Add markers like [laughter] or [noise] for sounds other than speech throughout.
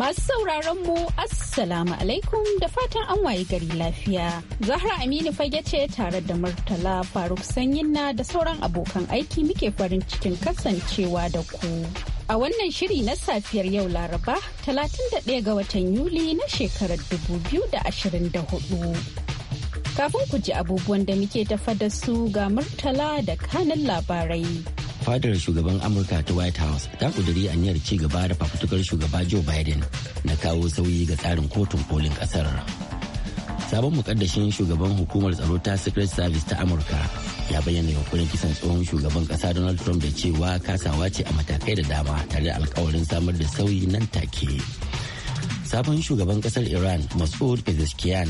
Masu sauraron mu Assalamu alaikum da fatan an waye gari lafiya. Zahra Aminu fage ce tare da Murtala Faruk Sanyinna da sauran abokan aiki muke farin cikin kasancewa da ku. A wannan shiri na safiyar yau Laraba, 31 ga watan Yuli na shekarar 2024. Kafin ku ji abubuwan da muke tafa da su ga Murtala da kanin labarai. fadar shugaban amurka ta white house ta kuduri aniyar ci gaba da fafutukar shugaba joe biden na kawo sauyi ga tsarin kotun kolin kasar sabon mukaddashin shugaban hukumar tsaro ta secret service ta amurka ya bayyana yunkurin kisan tsohon shugaban kasa donald trump da cewa kasawa ce a matakai da dama tare da alkawarin samar da sauyi nan take sabon shugaban kasar iran masud pezeshkian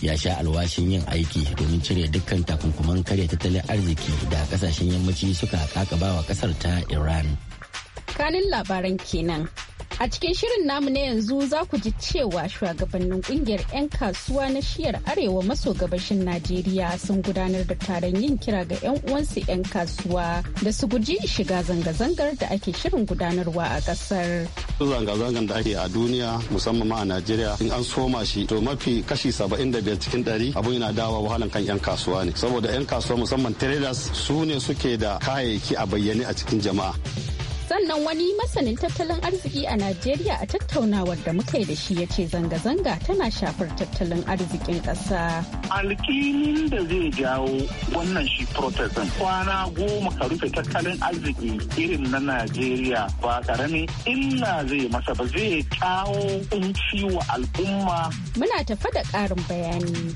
ya sha alwashin yin aiki domin cire dukkan takunkuman karya tattalin arziki da kasashen yammaci suka kakabawa kasar ta iran kanin labaran kenan A cikin shirin namu na yanzu za ku ji cewa shugabannin kungiyar 'yan kasuwa na shiyar arewa maso gabashin Najeriya sun gudanar da taron yin kira ga 'yan uwansu 'yan kasuwa da su guji shiga zanga-zangar da ake shirin gudanarwa a kasar. Zanga-zangar da ake a duniya musamman ma a Najeriya in an soma shi to mafi kashi biyar cikin ɗari abun yana dawa wahalan kan 'yan kasuwa ne saboda 'yan kasuwa musamman traders su ne suke da kayayyaki a bayyane a cikin jama'a. sannan wani masanin tattalin arziki a najeriya a tattaunawar da muka yi da shi ya ce zanga-zanga tana shafar tattalin arzikin ƙasa. alƙinin da zai jawo wannan shi protestant kwana goma ka rufe tattalin arziki irin na najeriya ba ƙarami illa zai masa ba zai kawo kunci wa al'umma muna tafa da ƙarin bayani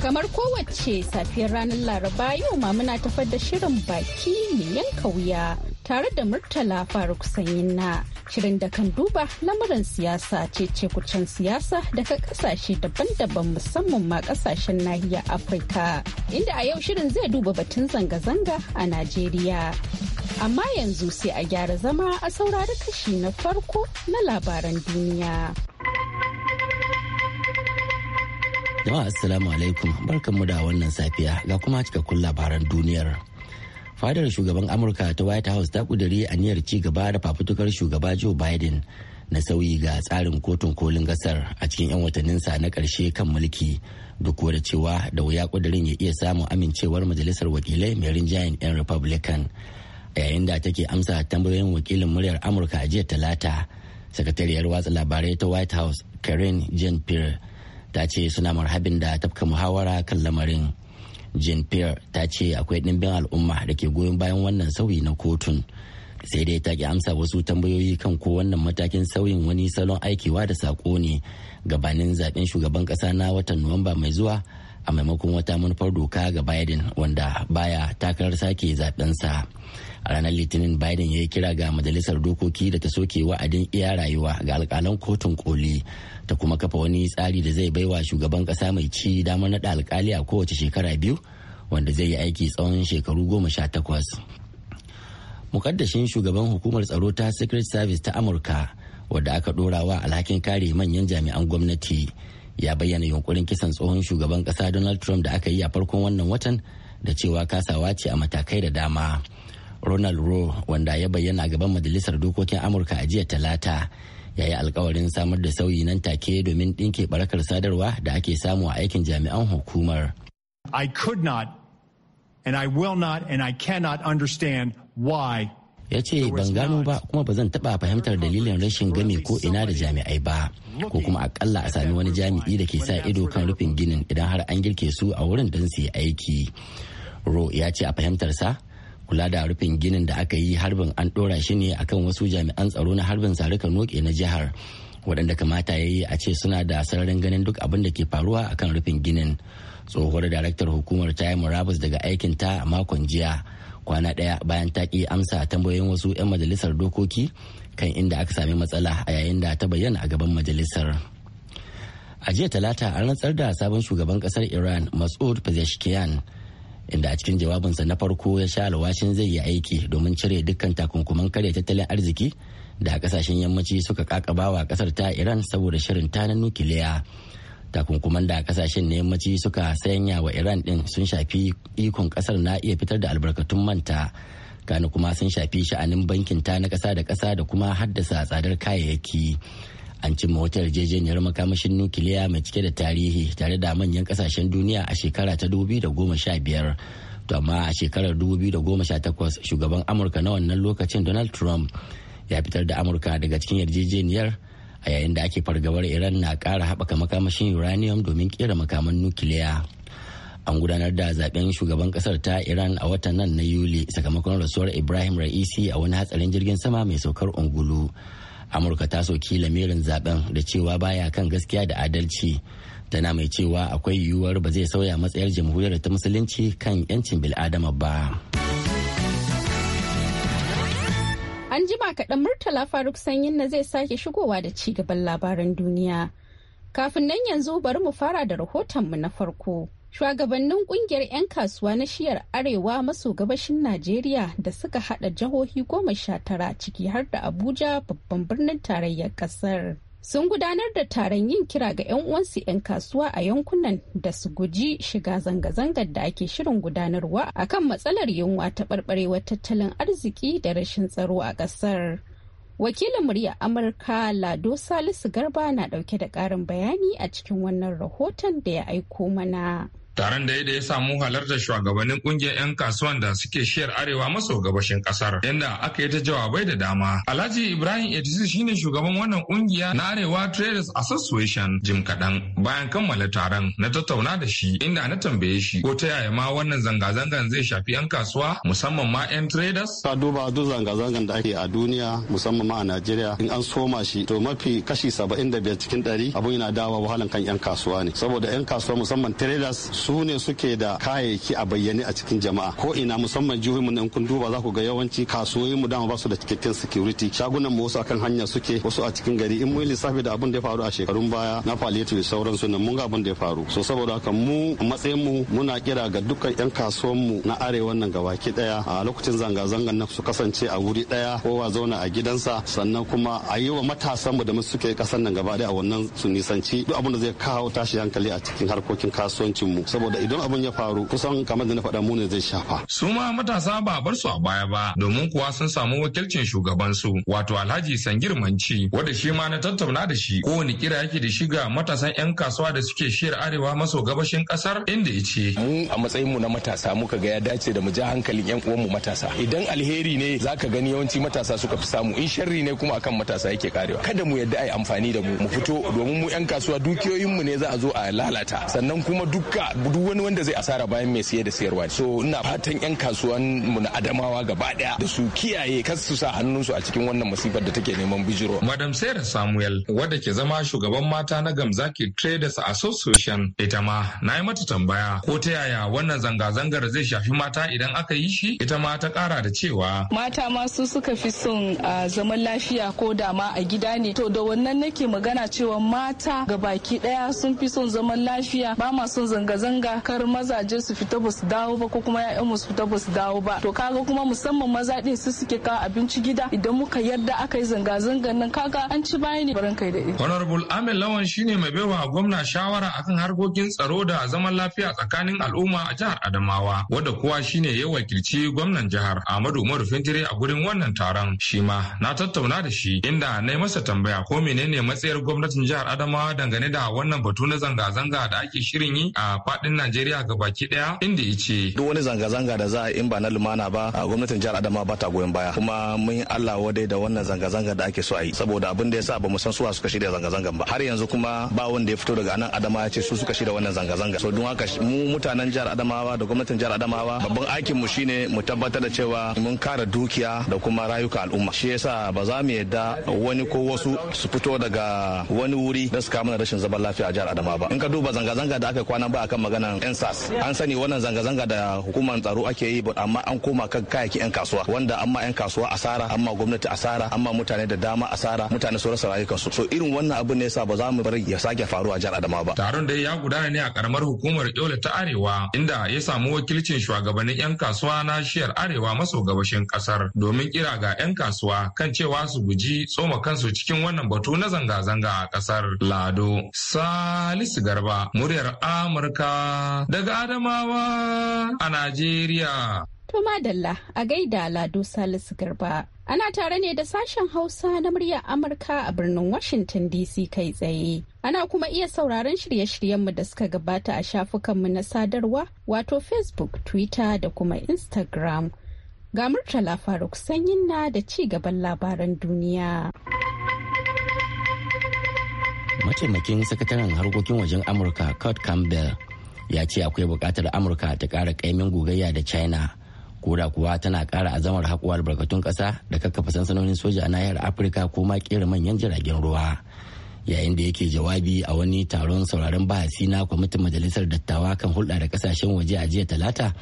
kamar kowace safiyar ranar laraba yau ma muna tafar da shirin baki mai yanka wuya tare da Murtala Faruk Sanyin shirin da kan duba lamuran siyasa ce kucin siyasa daga kasashe daban-daban musamman ma kasashen nahiyar Afirka. Inda a yau shirin zai duba batun zanga-zanga a Najeriya. Amma yanzu sai a gyara zama a saurari kashi na farko na labaran duniya. Jama'a Assalamu alaikum barkanmu da wannan safiya ga kuma cikakkun labaran duniyar. fadar shugaban amurka ta white house ta kuduri aniyar ci gaba da fafutukar shugaba joe biden na sauyi ga tsarin kotun kolin gasar a cikin 'yan watanninsa na karshe kan mulki duk da cewa da wuya kudirin ya iya samun amincewar majalisar wakilai mai rinjayen 'yan republican a yayin da take amsa tambayoyin wakilin muryar amurka a jiya talata sakatariyar watsa labarai ta white house karen jean pierre ta ce suna marhabin da tafka muhawara kan lamarin jean pierre ta ce akwai ɗimbin al'umma da ke goyon bayan wannan sauyi na kotun sai dai ta ki amsa wasu tambayoyi kan ko wannan matakin sauyin wani salon aikewa da sako ne gabanin zaben shugaban kasa na watan nuwamba mai zuwa a maimakon wata manufar doka ga biden wanda baya takarar sake zabensa. sa a ranar litinin biden ya yi kira ga majalisar dokoki da ta soke wa'adin iya rayuwa ga alkalan kotun koli ta kuma kafa wani tsari da zai baiwa shugaban kasa mai ci damar naɗa alkali a kowace shekara biyu wanda zai yi aiki tsawon shekaru goma sha takwas mukaddashin shugaban hukumar tsaro ta secret service ta amurka wadda aka dora wa alhakin kare manyan jami'an gwamnati ya bayyana yunkurin kisan tsohon shugaban kasa donald trump da aka yi a farkon wannan watan da cewa kasawa ce a matakai da dama ronald roe wanda ya bayyana gaban majalisar dokokin amurka a jiya talata ya yi alkawarin samar da sauyi nan take domin dinke barakar sadarwa da ake samu a aikin jami'an hukumar. I could not and I will not and I cannot understand why ya ce ban gano ba kuma ba zan taba fahimtar dalilin rashin gami ko ina da jami'ai ba ko kuma akalla a sami wani jami'i da ke sa ido kan rufin ginin idan har an girke su a wurin don su yi aiki ro ya ce a fahimtarsa kula da rufin ginin da aka yi harbin an ɗora shi ne akan wasu jami'an tsaro na harbin zarukan noke na jihar waɗanda kamata ya yi a ce suna da sararin ganin duk abin da ke faruwa akan rufin ginin tsohuwar daraktar hukumar ta yi murabus daga aikin ta a makon jiya kwana ɗaya bayan ta ƙi amsa tambayoyin wasu 'yan majalisar dokoki kan inda aka sami matsala a yayin da ta bayyana a gaban majalisar a jiya talata an rantsar da sabon shugaban ƙasar iran masud pezeshkian inda a cikin jawabinsa na farko ya sha alwashin zai yi aiki domin cire dukkan takunkuman karya tattalin arziki da a kasashen yammaci suka kakabawa kasar ta iran saboda shirin ta na nukiliya takunkuman da kasashen na yammaci suka sanya wa iran din sun shafi ikon kasar na iya fitar da albarkatun manta kana kuma sun shafi sha'anin bankin ta na kasa da kasa da kuma haddasa tsadar kayayyaki an cimma wata yarjejeniyar makamashin nukiliya mai cike da tarihi tare da manyan kasashen duniya a shekara ta 2015 to amma a shekarar 2018 shugaban amurka na wannan lokacin donald trump ya fitar da amurka daga cikin yarjejeniyar a yayin da ake fargabar iran na kara haɓaka makamashin uranium domin kera makaman nukiliya an gudanar da zaben shugaban kasar ta iran a watan nan na yuli sakamakon rasuwar ibrahim ra'isi a wani hatsarin jirgin sama mai saukar ungulu amurka ta soki lamirin zaben da cewa baya kan gaskiya da adalci tana mai cewa akwai yiwuwar ba zai sauya matsayar jamhuriyar ta musulunci kan 'yancin bil'adama ba an jima kaɗan murtala faruk sanyin na zai sake shigowa da ci gaban labaran duniya kafin nan yanzu bari mu fara da rahotonmu na farko Shugabannin kungiyar 'yan kasuwa na shiyar Arewa maso gabashin Najeriya da suka hada jihohi goma sha tara ciki har da Abuja babban birnin tarayyar kasar. Sun gudanar da taron yin kira ga 'yan uwansu 'yan kasuwa a yankunan da su guji shiga zanga-zangar da ake shirin gudanarwa akan matsalar yunwa ta barbarewar tattalin arziki da rashin tsaro a ƙasar. Wakilin murya Amurka Lado Salisu Garba na ɗauke da ƙarin bayani a cikin wannan rahoton da ya aiko mana. Taron da ya samu halartar shugabannin kungiyar 'yan kasuwan da suke shiyar arewa maso gabashin kasar, inda aka yi ta jawabai da dama. Alhaji Ibrahim Edisi shine shugaban wannan kungiya na Arewa Traders Association jim kaɗan bayan kammala taron na tattauna da shi inda na tambaye shi ko ta yaya ma wannan zanga-zangan zai shafi 'yan kasuwa musamman ma 'yan traders. Ka duba duk zanga-zangan da ake a duniya musamman ma a Najeriya in an soma shi to mafi kashi saba'in da biyar cikin 100 abun yana dawa wahalan kan 'yan kasuwa ne saboda 'yan kasuwa musamman traders su ne suke da kayayyaki a bayyane a cikin jama'a ko ina musamman jihohinmu in kun duba za ku ga yawanci kasuwoyin mu dama ba su da cikakken security shagunan mu wasu akan hanya suke wasu a cikin gari in mun lissafi da abin da ya faru a shekarun baya na palliative sauran su nan mun ga abin da ya faru so saboda haka mu matsayin mu muna kira ga dukkan yan kasuwan mu na arewa nan gabaki daya a lokacin zanga zangan na su kasance a wuri daya kowa zauna a gidansa sannan kuma a yi wa matasan mu da suke kasan nan gaba daya a wannan su nisanci duk abin da zai kawo tashi hankali a cikin harkokin kasuwancin mu saboda idan abin ya faru kusan kamar da na faɗa muni zai shafa. su ma matasa ba a bar su a baya ba domin kuwa sun samu wakilcin shugabansu wato alhaji sangir manci wanda shi ma na tattauna da shi kowane kira yake da shiga matasan 'yan kasuwa da suke shiyar arewa maso gabashin kasar inda ya mu a matsayin mu na matasa muka ga ya dace da mu ja hankalin 'yan mu matasa idan alheri ne zaka gani yawanci matasa suka fi samu in sharri ne kuma akan matasa yake karewa kada mu yadda ai amfani da mu mu fito domin mu 'yan kasuwa dukiyoyin mu ne za a zo a lalata sannan kuma dukka duk wani wanda zai asara bayan mai siye da siyarwa so ina fatan yan kasuwan mu na adamawa gaba daya da su kiyaye kar su sa hannunsu a cikin wannan musibar da take neman bijiro madam sarah samuel wadda ke zama shugaban mata na gamzaki traders association ita ma na yi mata tambaya ko ta yaya wannan zanga-zangar zai shafi mata idan aka yi shi ita ma ta kara da cewa mata ma suka fi son zaman lafiya ko da ma a gida ne to da wannan nake magana cewa mata ga baki daya sun fi son zaman lafiya ba ma son zanga-zanga zanga kar mazaje su fita ba su dawo ba ko kuma ya'yan su fita ba su dawo ba to kaga kuma musamman maza din su suke kawo abinci gida idan muka yarda aka yi zanga zanga nan kaga an ci baya ne baran kai da honorable amin lawan shine mai baiwa gwamna shawara akan harkokin tsaro da zaman lafiya tsakanin al'umma a jihar adamawa wadda kuwa shine ya wakilci gwamnan jihar ahmadu umaru fintire a gurin wannan taron shi ma na tattauna da shi inda na yi masa tambaya ko menene matsayar gwamnatin jihar adamawa dangane da wannan batu na zanga-zanga da ake shirin yi a faɗin faɗin Najeriya ga baki ɗaya inda ce. Duk wani zanga-zanga da za a in ba na lumana ba a gwamnatin jihar Adama ba ta goyon baya kuma mun Allah wadai da wannan zanga-zanga da ake so a yi saboda abin da ya sa ba mu san suwa suka shirya zanga-zangan ba har yanzu kuma ba wanda ya fito daga nan Adama ya ce su suka shirya wannan zanga-zanga. So don haka mu mutanen jihar Adamawa da gwamnatin jihar Adamawa babban aikin mu shine mu tabbatar da cewa mun kare dukiya da kuma rayuka al'umma. Shi yasa ba za mu yadda wani ko wasu su fito daga wani wuri da su kama rashin zaman lafiya a jihar Adamawa ba. In ka duba zanga-zanga da aka kwana ba akan maganan yan an sani wannan zanga-zanga da hukumar tsaro ake yi amma an koma kan kayayyakin yan kasuwa wanda amma yan kasuwa asara amma gwamnati asara amma mutane da dama asara mutane su rasa rayukansu so irin wannan abin ne yasa ba za mu bar ya sake faruwa jihar Adamawa ba taron da ya gudana ne a karamar hukumar Yola ta Arewa inda ya samu wakilcin shugabannin yan kasuwa na shiyar Arewa maso gabashin kasar domin kira ga yan kasuwa kan cewa su guji tsoma kansu cikin wannan batu na zanga-zanga a kasar Lado Salisu Garba muryar Amurka Adamawa daga Adamawa a Najeriya. To Madalla a gaida Lado Salisu Garba. Ana tare ne da sashen Hausa na muryar Amurka a birnin Washington DC kai tsaye. Ana kuma iya sauraron shirye-shiryenmu da suka gabata a shafukanmu na sadarwa wato Facebook, Twitter da kuma Instagram. Ga Murtala Faruk sanyin na da ci gaban labaran duniya. Mataimakin sakataren harkokin wajen Amurka Kurt Campbell ya ce akwai buƙatar amurka ta ƙara ƙaimin gogayya da china koda kuwa tana kara azamar haƙuwa albarkatun ƙasa da kakkafa sansanonin soja a nahiyar afirka ko ma kera manyan jiragen ruwa yayin da yake jawabi a wani taron sauraron bahasi na kwamitin majalisar dattawa kan hulɗa da ƙasashen waje a jiya talata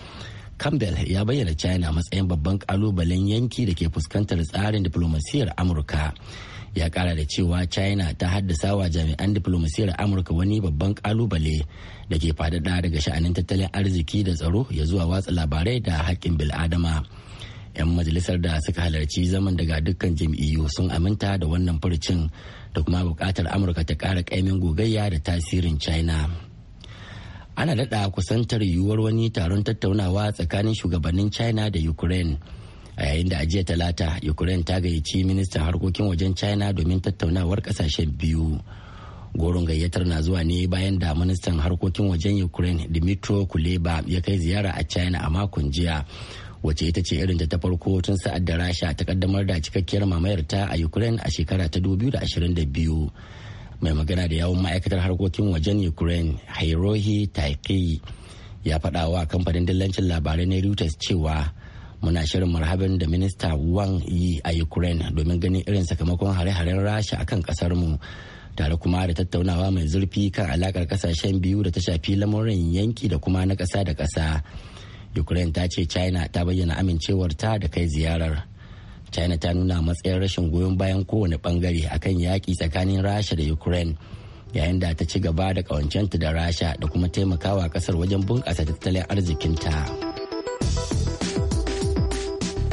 campbell ya bayyana china matsayin babban ƙalubalen yanki da ke fuskantar tsarin diflomasiyyar amurka ya kara da cewa china ta haddasa wa jami'an diplomasiyar amurka wani babban kalubale da ke fadada daga sha'anin tattalin arziki da tsaro ya zuwa watsa labarai da haƙƙin bil'adama 'yan majalisar da suka halarci zaman daga dukkan jam'iyyu sun aminta da wannan furcin da kuma buƙatar amurka ta ƙara ƙaimin gogayya da tasirin china ana daɗa kusantar yiwuwar wani taron tattaunawa tsakanin shugabannin china da ukraine a yayin da a talata ukraine ta gayyaci ministan harkokin wajen china domin tattaunawar kasashen biyu goron gayyatar na zuwa ne bayan da ministan harkokin wajen ukraine dimitro kuleba ya kai ziyara a china a makon jiya wace ita ce irin ta farko tun sa'ad da rasha ta kaddamar da cikakkiyar mamayar ta a ukraine a shekara ta 2022 mai magana da yawon ma'aikatar harkokin wajen ukraine hairohi taiki ya faɗa wa kamfanin dillancin labarai na reuters cewa muna shirin marhaban da minista wang yi a ukraine domin ganin irin sakamakon hare-haren rasha akan kasar mu tare kuma da tattaunawa mai zurfi kan alakar kasashen biyu da ta shafi lamurin yanki da kuma na ƙasa da ƙasa ukraine ta ce china ta bayyana amincewar ta da kai ziyarar china ta nuna matsayin rashin goyon bayan kowane bangare akan yaƙi tsakanin rasha da ukraine yayin da ta ci gaba da kawancenta da rasha da kuma taimakawa kasar wajen bunƙasa tattalin arzikinta.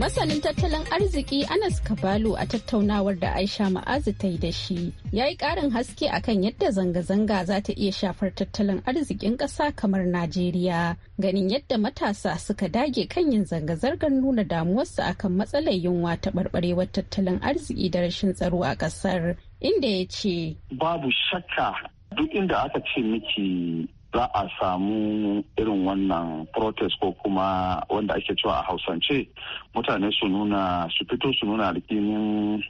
Masanin tattalin arziki Anas Kabalu a tattaunawar da Aisha Ma'azu ta yi da shi ya yi ƙarin haske akan yadda zanga-zanga za ta iya shafar tattalin arzikin ƙasa kamar Najeriya. Ganin yadda matasa suka dage kan yin zanga-zangar nuna damuwarsu akan matsalar yunwa ta barbarewar tattalin arziki da rashin tsaro a ƙasar. Inda ya ce. Babu shakka duk inda aka ce miki za a samu irin wannan protest ko kuma wanda ake cewa a hausance mutane su nuna su fito su nuna alkinin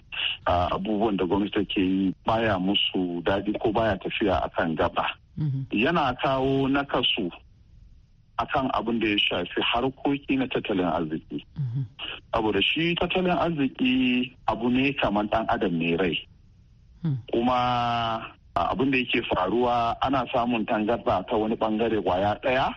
abubuwan da gwamnati take yi baya musu daɗi ko baya tafiya akan gaba mhm. yana kawo nakasu akan abin da ya shafi harkoki na tattalin arziki mhm. saboda shi tattalin arziki abu ne kamar ɗan adam ne rai hmm. kuma abin da yake faruwa ana samun tangarda ta wani bangare kwaya ɗaya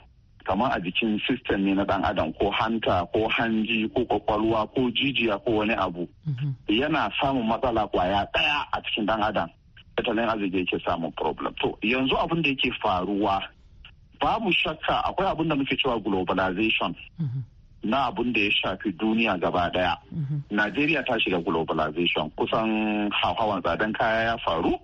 kamar a jikin system ne na dan adam ko hanta ko hanji ko kwakwalwa ko jijiya ko wani abu mm-hmm. yana samun matsala kwaya ɗaya a cikin dan adam tattalin arziki yake samun problem to yanzu abin da yake faruwa babu shakka akwai abin da muke cewa globalization mm-hmm. na abin da ya shafi duniya gaba daya. Mm-hmm. Najeriya ta shiga globalization kusan hawan tsadan kaya ya faru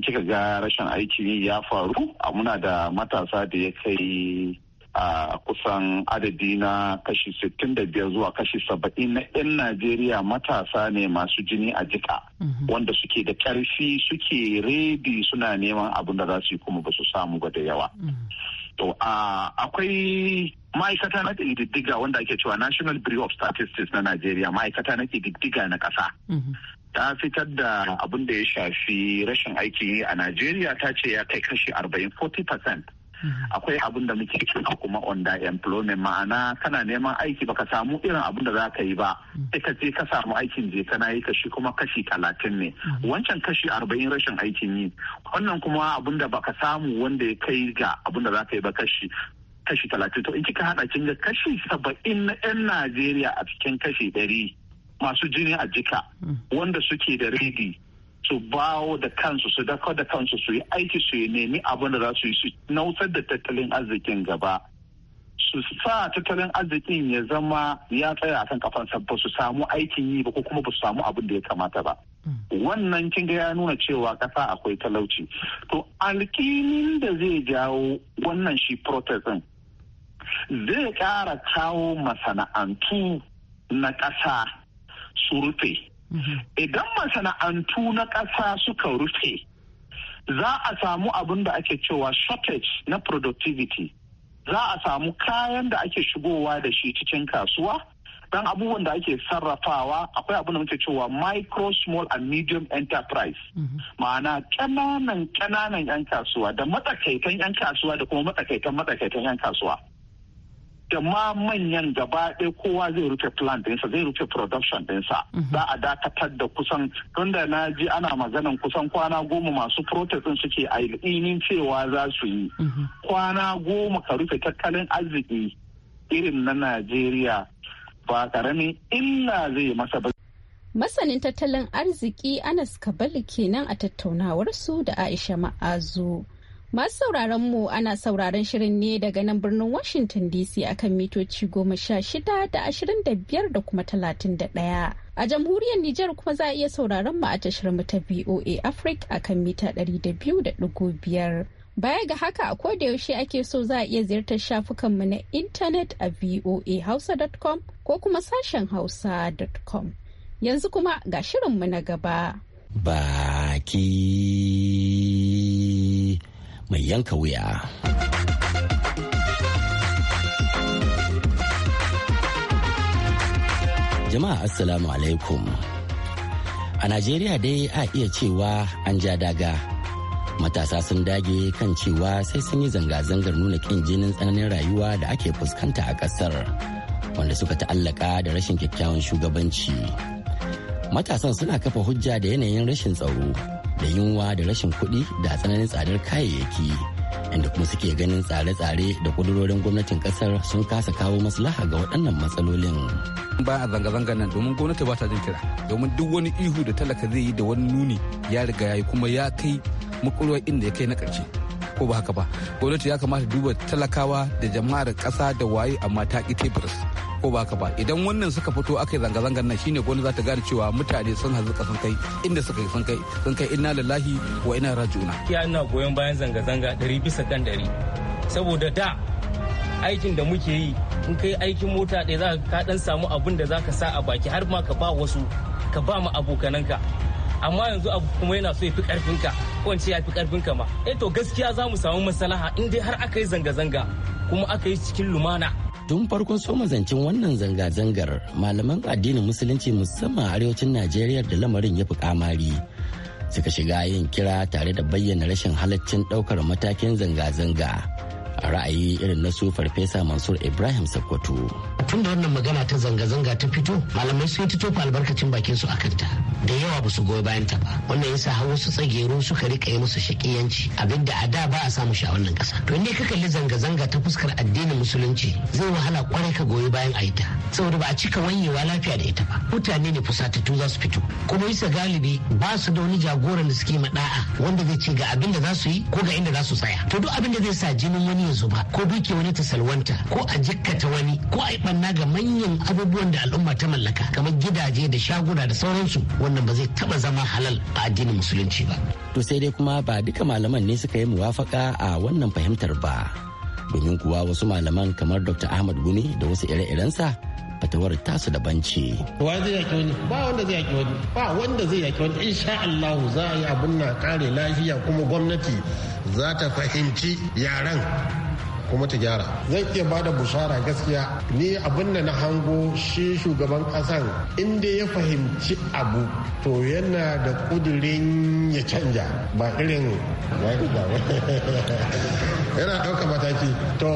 kika ga rashin aiki ya faru a muna da matasa da ya kai a kusan adadi na kashi 65 zuwa kashi 70 na 'yan Najeriya matasa ne masu jini a jika mhm. wanda suke da karfi suke redi suna neman abin da za su yi kuma ba su samu ba da yawa. Mhm. To akwai ma'aikata na ƙididdiga wanda ake cewa National Bureau of Statistics na Najeriya ma'aikata na ƙididdiga na ƙasa. Mhm. ta fitar da abin da ya shafi rashin aiki a Najeriya ta ce ya kai kashi 40 40%. akwai abin da muke kira kuma under employment ma'ana kana neman aiki baka samu irin abin da za ka yi ba sai ka je ka samu aikin je kana yi kashi kuma kashi talatin ne wancan kashi arba'in rashin aikin yi wannan kuma abin da baka samu wanda ya kai ga abin da za ka yi ba kashi kashi talatin to in kika hada kin ga kashi saba'in na 'yan najeriya a cikin kashi ɗari masu jini a jika wanda suke da redi su bawo da kansu su dako da kansu su yi aiki su yi nemi abin da za su yi su nausar da tattalin arzikin gaba su sa tattalin arzikin ya zama ya tsaya kan kafan ba su samu aikin yi ba ko kuma ba su samu abin da ya kamata ba wannan kin ga ya nuna cewa kasa akwai talauci to alkinin da zai jawo wannan shi protest zai kara kawo masana'antu na ƙasa su rufe mhm. idan masana'antu na ƙasa suka rufe za a samu abin da ake cewa shortage na productivity za a samu kayan da ake shigowa da shi cikin kasuwa dan abubuwan da ake sarrafawa akwai abin da muke cewa micro small and medium enterprise mhm. ma'ana ƙananan ƙananan 'yan kasuwa da matsakaitan 'yan kasuwa da kuma matsakaitan matsakaitan 'yan kasuwa da ma manyan gaba ɗaya kowa zai rufe plant dinsa zai rufe production dinsa. Mhm. za a dakatar da kusan tun da na ji ana maganan kusan kwana goma masu protest suke suke ilinin cewa za su yi mhm. kwana goma ka rufe tattalin arziki irin na najeriya ba karamin illa zai masa ba masanin tattalin arziki anas kabali kenan a tattaunawarsu da aisha ma'azu Masu sauraron mu ana sauraron shirin ne daga nan birnin Washington DC akan mitoci goma sha shida da ashirin da biyar da kuma talatin da ɗaya. A jamhuriyar Nijar kuma za a iya sauraron mu a tashar mu ta VOA Africa akan mita ɗari da biyu da ɗigo biyar. Baya ga haka a da yaushe ake so za a iya ziyartar shafukan mu na intanet a voahausa.com ko kuma sashen hausa.com. Yanzu kuma ga shirin mu na gaba. Baki. mai yanka wuya. Jama'a Assalamu alaikum. A Najeriya dai a iya cewa an ja daga. Matasa sun dage kan cewa sai sun yi zanga-zangar nuna ƙin jinin tsananin rayuwa da ake fuskanta a ƙasar, wanda suka ta'allaka da rashin kyakkyawan shugabanci. Matasan suna kafa hujja da yanayin rashin tsaro. da yunwa da rashin kuɗi da tsananin tsadar kayayyaki inda kuma suke ganin tsare-tsare da kudurorin gwamnatin kasar sun kasa kawo maslaha ga waɗannan matsalolin. ba a zanga-zangar nan domin gwamnati ba ta jin kira domin duk wani ihu da talaka zai yi da wani nuni ya riga ya yi kuma ya kai makulwar inda ya kai na ƙarshe ko ba haka ba gwamnati ya kamata duba talakawa da jama'ar kasa da waye amma ta ki teburs ko ba haka ba idan wannan suka fito aka yi zanga-zangar nan shine gwamnati za ta gane cewa mutane sun ka sun kai inda suka sun kai sun kai inna lillahi wa inna raji'una ya ina goyon bayan zanga-zanga ɗari bisa kan ɗari saboda da aikin da muke yi in kai aikin mota ɗaya za ka dan samu abin da za ka sa a baki har ma ka ba wasu ka ba ma abokananka amma yanzu abu kuma yana so ya fi karfinka ko in ce ya fi karfinka ma eh to gaskiya za mu samu maslaha in dai har aka yi zanga-zanga kuma aka yi cikin lumana tun farkon soma zancen wannan zanga-zangar malaman addinin musulunci musamman arewacin najeriya da lamarin ya fi kamari suka shiga yin kira tare da bayyana rashin halaccin daukar matakin zanga-zanga a ra'ayi irin na su farfesa mansur ibrahim sakkwato tun da wannan magana ta zanga-zanga ta fito malamai sun ta tofa albarkacin bakin su akan ta da yawa ba su goyi bayan ta ba wannan yasa har wasu tsagero suka rika yi musu shakiyanci abin da a da ba a samu shi a wannan kasa to ne ka kalli zanga-zanga ta fuskar addinin musulunci zai wahala kwarai ka goyi bayan a ita saboda ba a cika wanyewa lafiya da ita ba mutane ne fusatattu za su fito kuma isa galibi ba su da wani jagoran da suke ma da'a wanda zai ce ga abin da za su yi ko ga inda za su tsaya to duk abin da zai sa jinin wani yanzu ba ko duke wani ta salwanta ko a jikkata wani ko a yi banna ga manyan abubuwan da al'umma ta mallaka kamar gidaje da shaguna da sauransu wannan ba zai taba zama halal a addinin musulunci ba. To sai dai kuma ba duka malaman ne suka yi muwafaka a wannan fahimtar ba. Domin kuwa wasu malaman kamar Dr. Ahmad Guni da wasu ire-irensa fatawar tasu daban ce. Wa zai yaki wani ba wanda zai yaki wani ba wanda zai yaki wani insha Allah za a yi abun na kare lafiya kuma gwamnati za ta fahimci yaran kuma ta gyara zan iya ba da bushara gaskiya ni abin da na hango shi shugaban kasan inda ya fahimci abu to yana da kudirin ya canja ba irin [laughs] yana dauka mataki to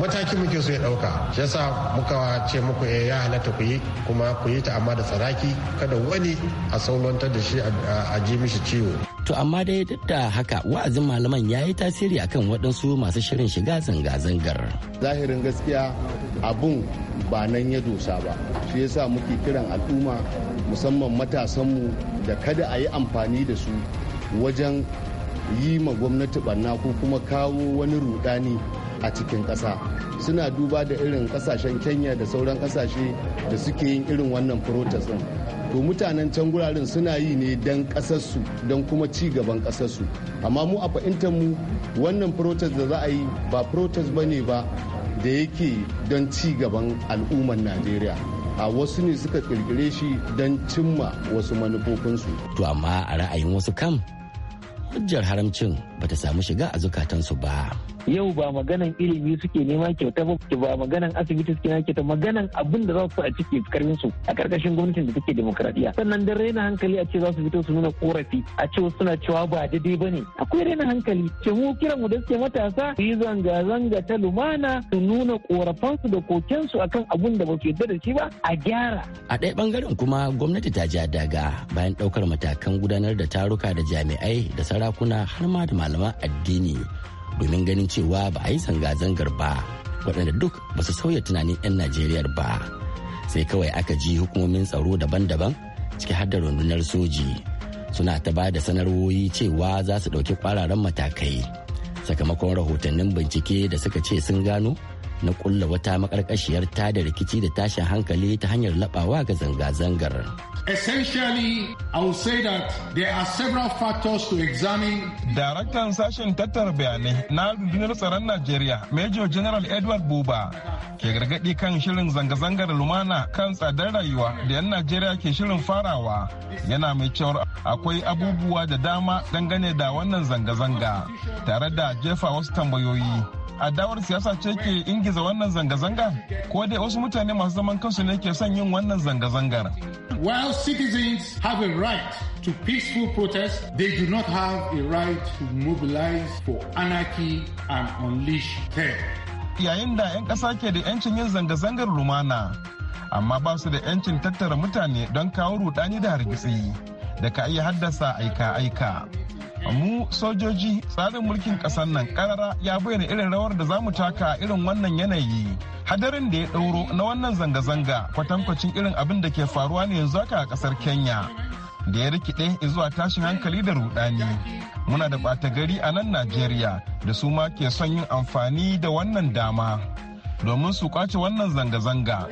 mataki muke so ya dauka. shi yasa muka ce muku eh, ya halatta ku yi kuma ku yi ta amma da tsaraki kada wani a saulantar da shi a ji mishi ciwo To amma dai duk da haka wa'azin malaman ya yi tasiri akan waɗansu masu shirin shiga zanga-zangar. Zahirin gaskiya abun ba nan ya dosa ba. Shi yasa muke kiran al'umma musamman matasanmu da kada a yi amfani da su wajen yi ma gwamnati barna ko kuma kawo wani rudani a cikin ƙasa. Suna duba da irin ƙasashen Kenya da sauran ƙasashe da suke yin irin wannan protest to mutanen can guraren suna yi ne don kasarsu don kuma ci gaban kasarsu amma mu a fahimtar mu wannan protest da za a yi ba protest ba ne ba da yake don ci gaban al'ummar najeriya a wasu ne suka kirkire shi don cimma wasu manufofinsu to amma a ra'ayin wasu kam hujjar haramcin bata samu shiga a zukatansu ba yau ba maganan ilimi suke nema kyauta ba ba maganan asibiti suke nema kyauta maganan abin da za su a ciki karfin su a karkashin gwamnatin da take demokradiya sannan dan raina hankali a ce za su fito su nuna korafi a ce suna cewa ba daidai ne akwai raina hankali ce mu kiran mu da suke matasa su yi zanga zanga ta lumana su nuna korafansu da kokensu akan abun da ba su yadda da shi ba a gyara a ɗaya bangaren kuma gwamnati ta ja daga bayan ɗaukar matakan gudanar da taruka da jami'ai da sarakuna har ma da malaman addini domin ganin cewa ba a yi zanga-zangar ba waɗanda duk ba su sauya tunanin 'yan najeriya ba sai kawai aka ji hukumomin tsaro daban-daban ciki har da rundunar soji suna ta ba da sanarwoyi cewa za su ɗauki kwararan matakai sakamakon rahotannin bincike da suka ce sun gano na kulla wata makarkashiyar ta da rikici da tashin hankali ta hanyar labawa ga zanga-zangar. Essentially, I would say that there are several factors to examine. Daraktan sashen tattara bayanai na rundunar tsaron Najeriya, Major General Edward Buba, ke gargaɗi kan shirin zanga-zangar lumana kan tsadar rayuwa da 'yan Najeriya ke shirin farawa. Yana mai cewar akwai abubuwa da dama dangane da wannan zanga-zanga, tare da jefa wasu tambayoyi. adawar siyasa ce ke ingiza wannan zanga-zanga ko dai wasu mutane masu zaman kansu ne ke son yin wannan zanga-zangar. While citizens have a right to peaceful protest, they do not have a right to mobilize for anarchy and unleash terror. Yayin da 'yan ƙasa ke da 'yancin yin zanga-zangar lumana, amma ba su da 'yancin tattara mutane don kawo rudani da hargitsi da ka iya haddasa aika-aika. mu sojoji tsarin mulkin kasar nan karara ya bayyana irin rawar da za mu taka irin wannan yanayi hadarin da ya ɗauro na wannan zanga-zanga kwatankwacin irin abin da ke faruwa ne yanzu haka a kasar kenya da ya rikide zuwa tashin hankali da rudani muna da ɓata gari a nan najeriya da su ma ke son yin amfani da wannan dama domin su kwace wannan zanga-zanga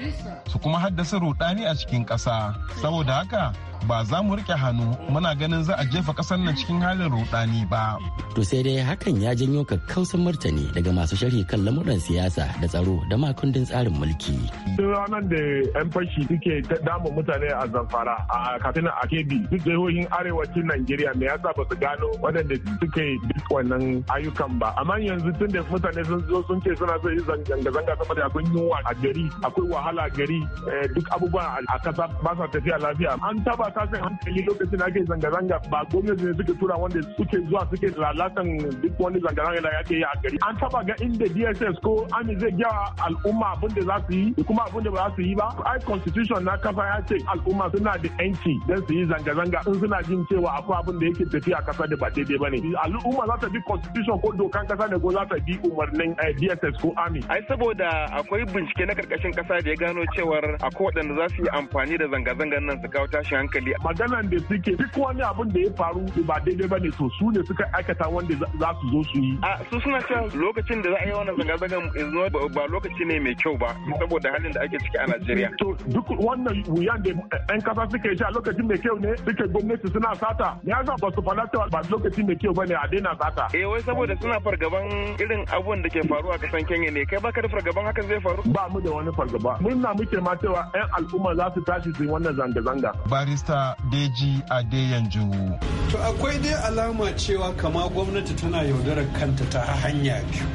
su kuma haddasa rudani a cikin ƙasa saboda haka ba za mu rike hannu muna ganin za a jefa kasar nan cikin halin rudani ba. To sai dai hakan ya janyo kakkausan martani daga masu sharhi kan lamuran siyasa da tsaro da makundin tsarin mulki. Duk ranar da 'yan fashi suke damun mutane a zamfara a kafin a kebi duk jihohin arewacin Najeriya me yasa ba su gano waɗanda suke duk wannan ayyukan ba. Amma yanzu tun da mutane sun zo sun ce suna so yi zanga-zanga saboda akwai yunwa a gari akwai wahala gari eh, duk abubuwa a kasa ba sa tafiya lafiya an taba tashin hankali lokacin da ake zanga-zanga ba gwamnati ne suke tura wanda suke zuwa suke lalatan duk wani zanga-zanga da ake yi a gari an taba ga inda dss ko ami zai gyawa al'umma abin da za su yi kuma abin da ba za su yi ba ai constitution na kasa ya ce al'umma suna da yanci don su yi zanga-zanga in suna jin cewa akwai abin da yake tafiya kasa da ba daidai ba ne al'umma za ta bi constitution ko dokan kasa ne ko za ta bi umarnin eh, dss ko ami ai saboda akwai bincike na karkashin kasa da ya gano cewar akwai waɗanda za su yi amfani da zanga-zangan nan su kawo tashin hankali maganan da suke duk wani abin da ya faru ba daidai ba ne to su ne suka aikata wanda za su zo su yi. a su suna cewa lokacin da za a yi wannan zanga-zangan ba lokaci ne mai kyau ba saboda halin da ake ciki a najeriya. to duk wannan wuyan da yan kasa suke yi shi a lokacin mai kyau ne suke gwamnati suna sata ya za ba su falata ba lokaci mai kyau ba ne a daina sata. eh wai saboda suna fargaban irin abubuwan da ke faruwa kasan kenya ne kai baka da fargaban hakan zai faru. ba mu da wani fargaba mun na muke ma cewa yan al'umma za su tashi su yi wannan zanga-zanga. baris Mr. Deji Adeyanju. To akwai dai alama cewa kama gwamnati tana yaudarar kanta ta hanya biyu.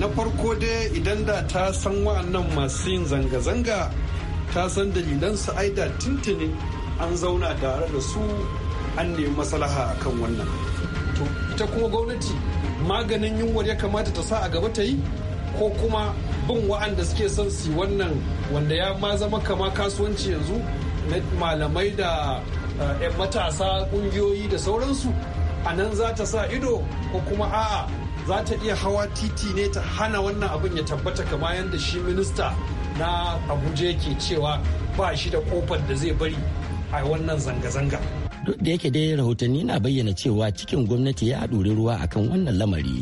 Na farko dai idan da ta san wa'annan masu yin zanga-zanga ta san dalilan su aida tintini an zauna tare da su an nemi maslaha kan wannan. To ita kuma gwamnati maganin yunwar ya kamata ta sa a gaba ta yi ko kuma bin wa'anda suke son su wannan wanda ya ma zama kama kasuwanci yanzu malamai da eh, 'yan matasa kungiyoyi da sauransu a nan za ta sa ido ko kuma a'a za ta iya hawa titi ne ta hana wannan abin ya tabbata kama yadda shi minista na abuja yake cewa ba shi da kofar da zai bari a wannan zanga-zanga duk da yake dai rahotanni na bayyana cewa cikin gwamnati ya haɗuri ruwa akan wannan lamari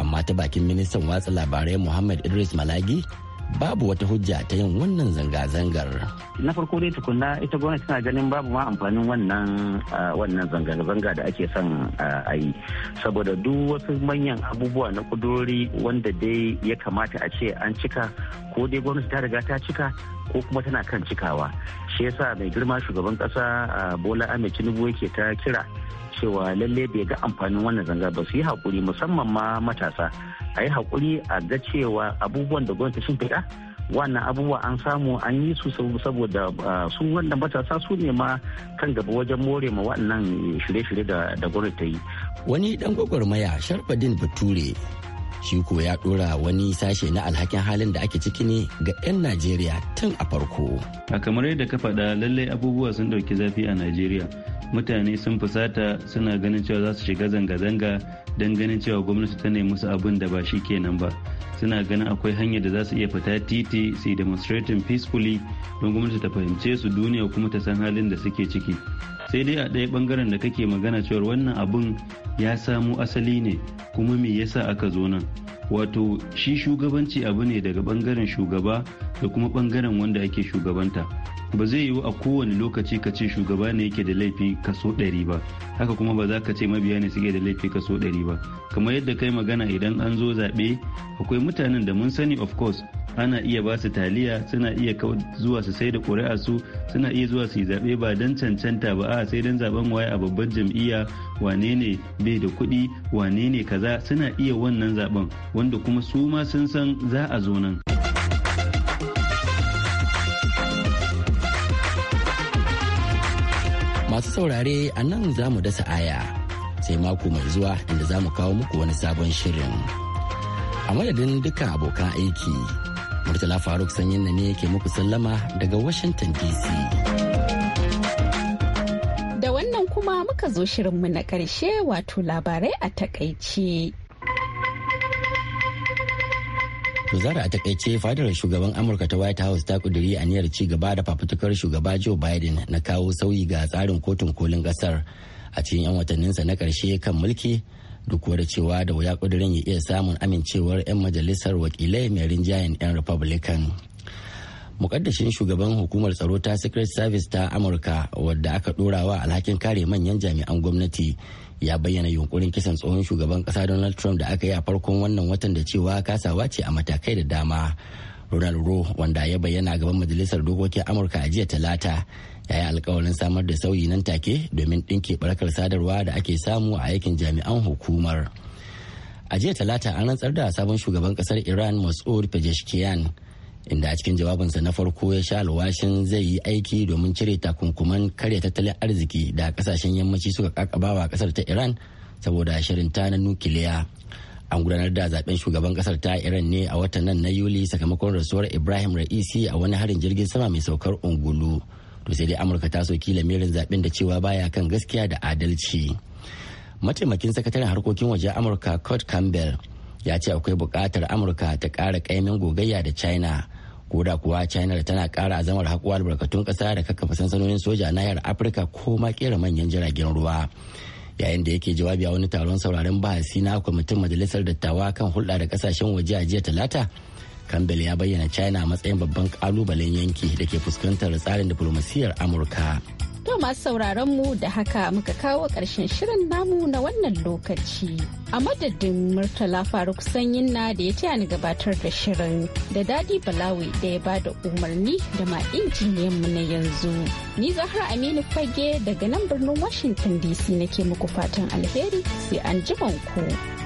amma ta bakin ministan watsa labarai muhammad idris malagi babu wata hujja ta yin wannan zanga-zangar. Na farko dai tukunna ita gwamnati tana ganin babu ma amfanin wannan wannan zanga-zanga da ake son a yi. Saboda duk wasu manyan abubuwa na kudori wanda dai ya kamata a ce an cika ko dai gwamnati ta riga ta cika ko kuma tana kan cikawa. shi yasa mai girma shugaban kasa a bola ahmed tinubu yake ta kira cewa lalle bai ga amfanin wannan zanga ba su yi hakuri musamman ma matasa a yi hakuri a ga cewa abubuwan da gwamnati sun fita wannan abubuwa an samu an yi su saboda su wannan matasa su ne ma kan gaba wajen more ma wannan shirye-shirye da gwamnati ta yi wani dan gwagwarmaya sharfadin bature shi ko ya dora wani sashe na alhakin halin da ake ciki ne ga 'yan najeriya tun a farko a kamar yadda ka faɗa lallai abubuwa sun ɗauki zafi a najeriya mutane sun fusata suna ganin cewa za su shiga zanga-zanga don ganin cewa gwamnati ta nemi musu abin da ba shi kenan ba suna ganin akwai hanyar da za su iya fita titi su yi demonstrating peacefully don gwamnati ta fahimce su duniya kuma ta san halin da suke ciki sai dai a ɗaya ɓangaren da kake magana cewa wannan abin ya samo asali ne kuma me yasa aka zo nan wato shi shugabanci abu ne daga ɓangaren shugaba da kuma ɓangaren wanda ake shugabanta ba zai yiwu a kowane lokaci ka ce shugaba ne yake da laifi kaso ɗari ba haka kuma ba za ka ce mabiya ne suke da laifi kaso ɗari ba kamar yadda kai magana idan an zo zaɓe akwai mutanen da mun sani of course ana iya ba su taliya suna iya zuwa su sai da ƙuri'a su suna iya zuwa su yi zaɓe ba don cancanta ba a sai don zaɓen waye a babban jam'iyya wane ne bai da kuɗi wane ne kaza suna iya wannan zaɓen wanda kuma su ma sun san za a zo nan. Masu saurare a nan za mu dasa aya sai mako mai zuwa inda za mu kawo muku wani sabon shirin. A madadin duka abokan aiki, Murtala Faruk Sanyin na ne ke muku sallama daga Washington DC. Da wannan kuma muka zo shirin mu na karshe, wato labarai a takaice. To zara a takaice fadar shugaban Amurka ta White House ta kuduri aniyar ci gaba da fafutukar shugaba Joe Biden na kawo sauyi ga tsarin kotun kolin kasar a cikin 'yan watanninsa na karshe kan mulki duk da cewa da wuya kudurin ya iya samun amincewar 'yan majalisar wakilai mai rinjayen 'yan Republican. mukaddashin shugaban hukumar tsaro ta secret service ta amurka wadda aka dorawa wa alhakin kare manyan jami'an gwamnati ya bayyana yunkurin kisan tsohon shugaban kasa donald trump da aka yi a farkon wannan watan da cewa kasawa ce a matakai da dama ronald roe wanda ya bayyana gaban majalisar dokokin amurka a jiya talata ya yi alkawarin samar da sauyi nan take domin ɗinke barkar sadarwa da ake samu a aikin jami'an hukumar a jiya talata an rantsar da sabon shugaban kasar iran mas'ud pezeshkian inda a cikin jawabinsa na farko ya sha alwashin zai yi aiki domin cire takunkuman karya tattalin arziki da kasashen yammaci suka kakabawa kasar ta iran saboda shirin ta na nukiliya an gudanar da zaben shugaban kasar ta iran ne a watan nan na yuli sakamakon rasuwar ibrahim ra'isi a wani harin jirgin sama mai saukar ungulu to sai dai amurka ta soki lamirin zaben da cewa baya kan gaskiya da adalci mataimakin sakataren harkokin waje amurka kurt campbell ya ce akwai bukatar amurka ta kara ƙaimin gogayya da china ko da kuwa china tana kara azamar hakuwa albarkatun kasa da kakkafa sansanonin soja nahiyar afirka ko ma kera manyan jiragen ruwa yayin da yake jawabi a wani taron sauraren bahasi na kwamitin majalisar dattawa kan hulɗa da kasashen waje a jiya talata campbell ya bayyana china matsayin babban kalubalen yanki da ke fuskantar tsarin diflomasiyyar amurka To masu sauraron mu da haka muka kawo ƙarshen shirin namu na wannan lokaci. A madadin Murtala Faruk Sanyin na da ya taya ni gabatar da shirin da Dadi Balawi da ya bada umarni da ma injiniyan mu na yanzu. Ni Zahra Aminu Fage daga nan birnin Washington DC nake muku fatan alheri sai an ku.